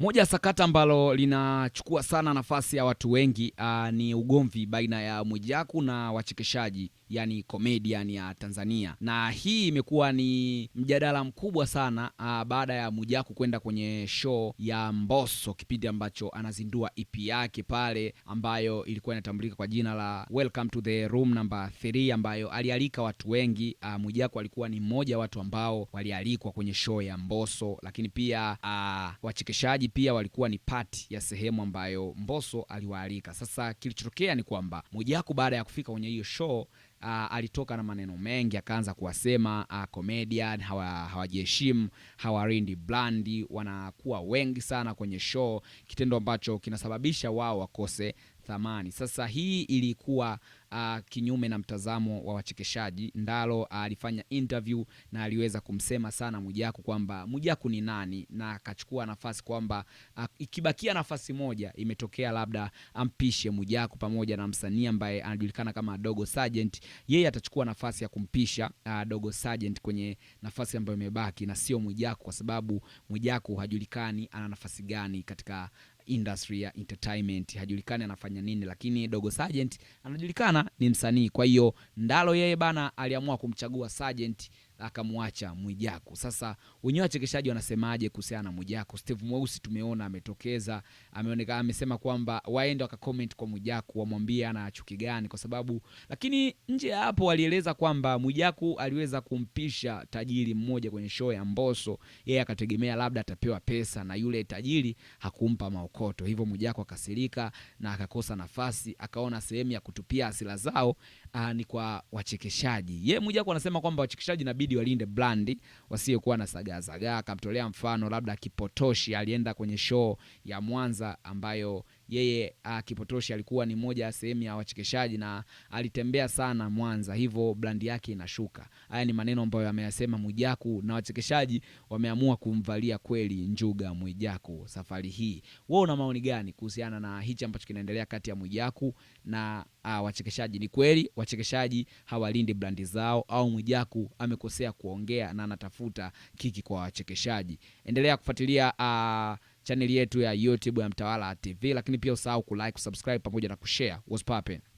Moja ya sakata ambalo linachukua sana nafasi ya watu wengi uh, ni ugomvi baina ya Mwijaku na wachekeshaji yani comedian ya Tanzania, na hii imekuwa ni mjadala mkubwa sana uh, baada ya Mwijaku kwenda kwenye show ya Mbosso kipindi ambacho anazindua EP yake pale ambayo ilikuwa inatambulika kwa jina la Welcome to the Room number 3 ambayo alialika watu wengi uh, ah, Mwijaku alikuwa ni mmoja watu ambao walialikwa kwenye show ya Mbosso, lakini pia uh, wachekeshaji pia walikuwa ni part ya sehemu ambayo Mbosso aliwaalika. Sasa kilichotokea ni kwamba Mwijaku baada ya kufika kwenye hiyo show uh, alitoka na maneno mengi akaanza kuwasema uh, comedian hawajiheshimu, hawa hawarindi blandi wanakuwa wengi sana kwenye show, kitendo ambacho kinasababisha wao wakose thamani. Sasa hii ilikuwa uh, kinyume na mtazamo wa wachekeshaji. Ndalo alifanya uh, interview na aliweza kumsema sana Mwijaku kwamba Mwijaku ni nani, na akachukua nafasi kwamba uh, ikibakia nafasi moja imetokea labda ampishe Mwijaku pamoja na msanii ambaye anajulikana kama Dogo Sergeant, yeye atachukua nafasi ya kumpisha uh, Dogo Sergeant kwenye nafasi ambayo imebaki na sio Mwijaku, kwa sababu Mwijaku hajulikani ana nafasi gani katika industry ya entertainment, hajulikani anafanya nini, lakini Dogo Sergeant anajulikana bana ni msanii. Kwa hiyo Ndalo yeye bana aliamua kumchagua Sajenti akamwacha Mwijaku. Sasa wenyewe wachekeshaji wanasemaje kuhusiana na Mwijaku? Steve Mweusi tumeona ametokeza, ameonekana amesema kwamba waende wakacomment kwa Mwijaku, wamwambie ana chuki gani, kwa sababu lakini nje ya hapo walieleza kwamba Mwijaku aliweza kumpisha tajiri mmoja kwenye show ya Mbosso, yeye akategemea labda atapewa pesa na yule tajiri hakumpa maokoto, hivyo Mwijaku akasirika na akakosa nafasi, akaona sehemu ya kutupia asila zao ah, ni kwa wachekeshaji. Yeye Mwijaku anasema kwamba wachekeshaji inabidi inabidi walinde blandi wasiyokuwa na sagaa sagaa. Akamtolea mfano labda Kipotoshi alienda kwenye show ya Mwanza ambayo yeye ah, kipotoshi alikuwa ni moja ya sehemu ya wachekeshaji na alitembea sana Mwanza, hivyo brandi yake inashuka. Haya ni maneno ambayo ameyasema Mwijaku na wachekeshaji wameamua kumvalia kweli njuga Mwijaku safari hii. Wewe una maoni gani kuhusiana na hichi ambacho kinaendelea kati ya Mwijaku na uh, wachekeshaji? Ni kweli wachekeshaji hawalindi brandi zao au Mwijaku amekosea kuongea na anatafuta kiki kwa wachekeshaji? Endelea kufuatilia uh, chaneli yetu ya YouTube ya Mtawala TV, lakini pia usahau kulike, kusubscribe pamoja na kushare. What's poppin'?